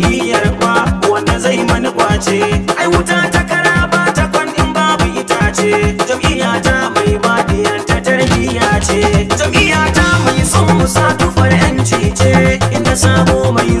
bihiyar kwa wanda zai mani kwace ai wuta ta kara ba ta kwan in babu itace jam'iyya ta mai badiyar ta tarbiyya ce jam'iyya ta mai son musa tufar yanci ce inda sabo mai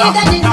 I got to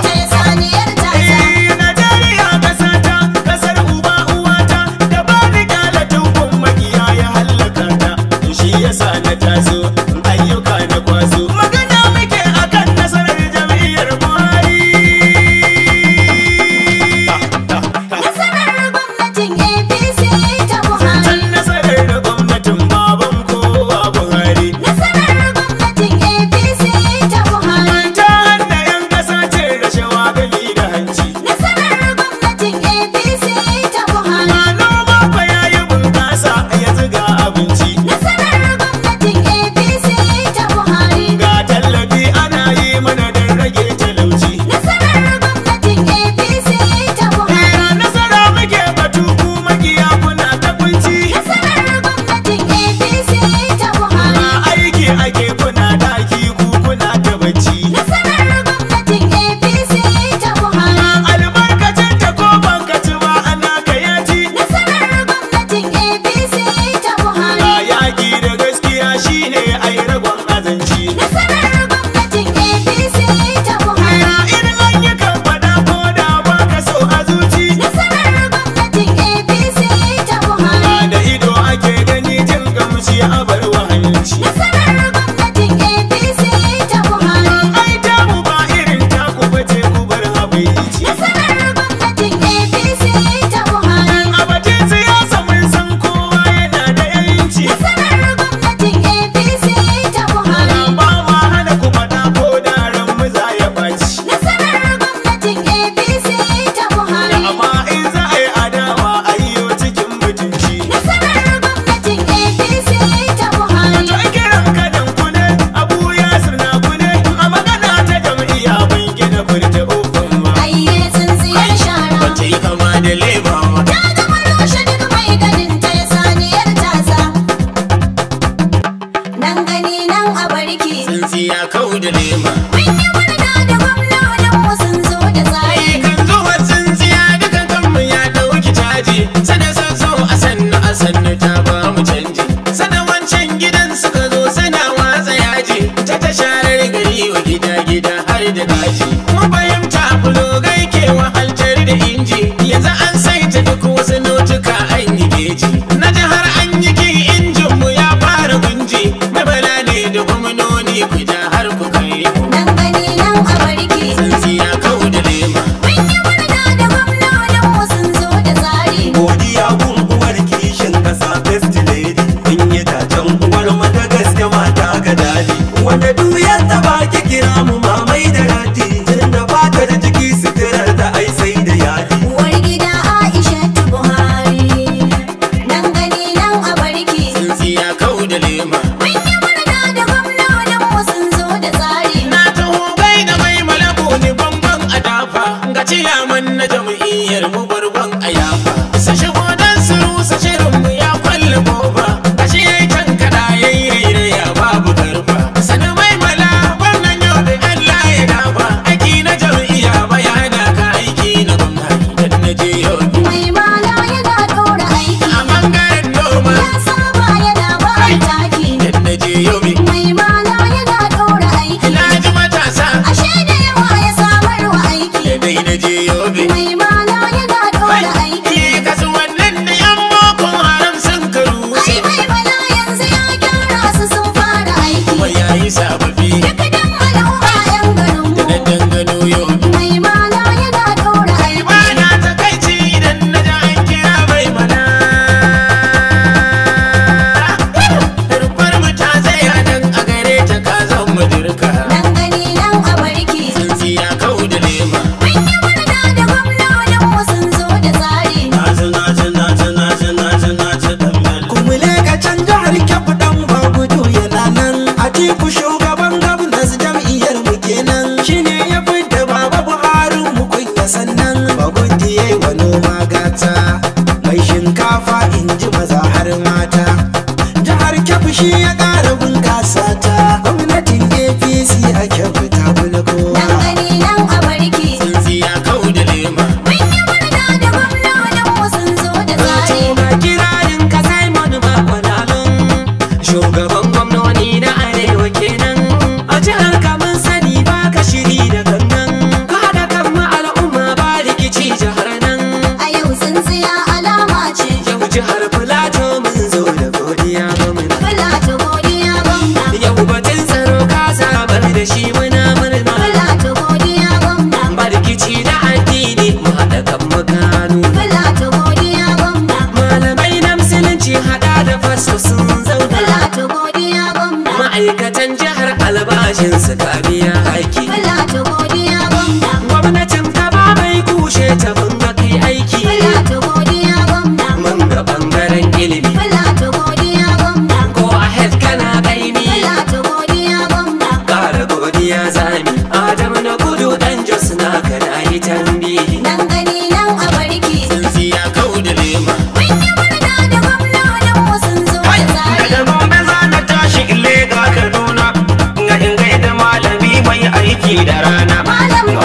aiki da rana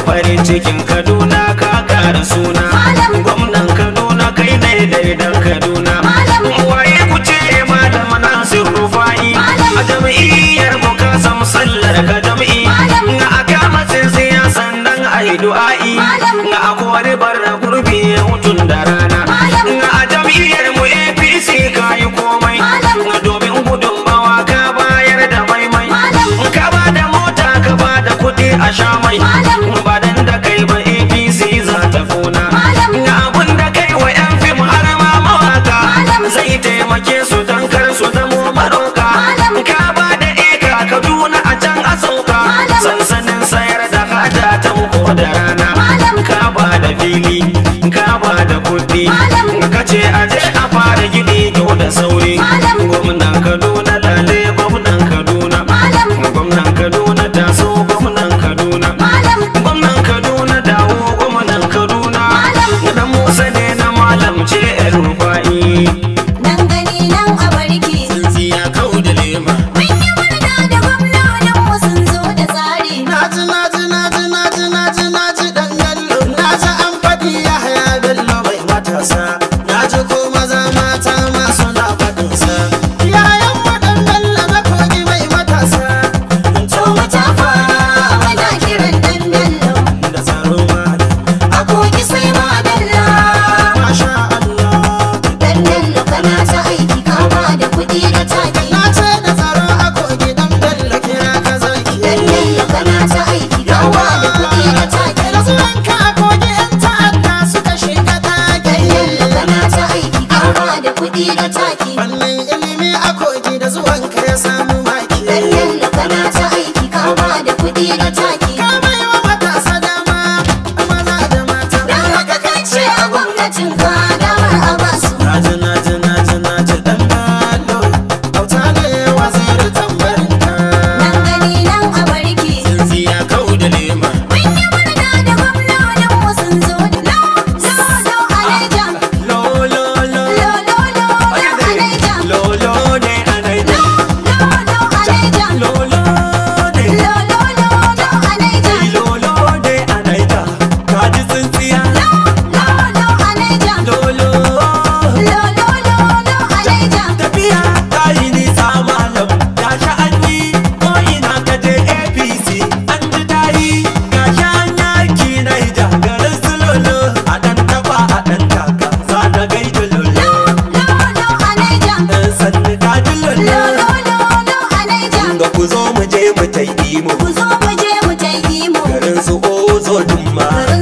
farin cikin kaduna ka kara suna gwamnan kaduna kai ne daidan kaduna waye ku ce malam nasir rufa'i a jam'iyyar mu ka samu sallar ka jam'i na matsin siyasan nan a yi du'a'i sha mai tai imo ku zo mu je mu tai imo garin su ozo dumma garin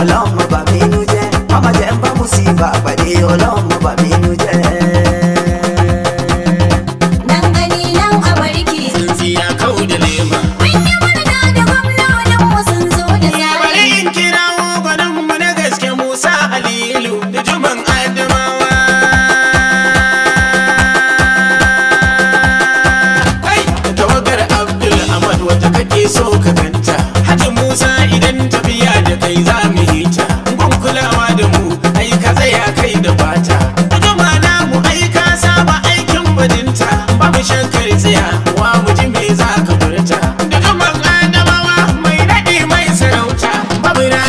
ọlọ́mọ bàmínú jẹ́ ọmọ jẹ́ ń bá mùsíbà pàdé ọlọ́mọ bàmínú jẹ́.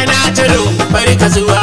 rana ta rumfar ka zuwa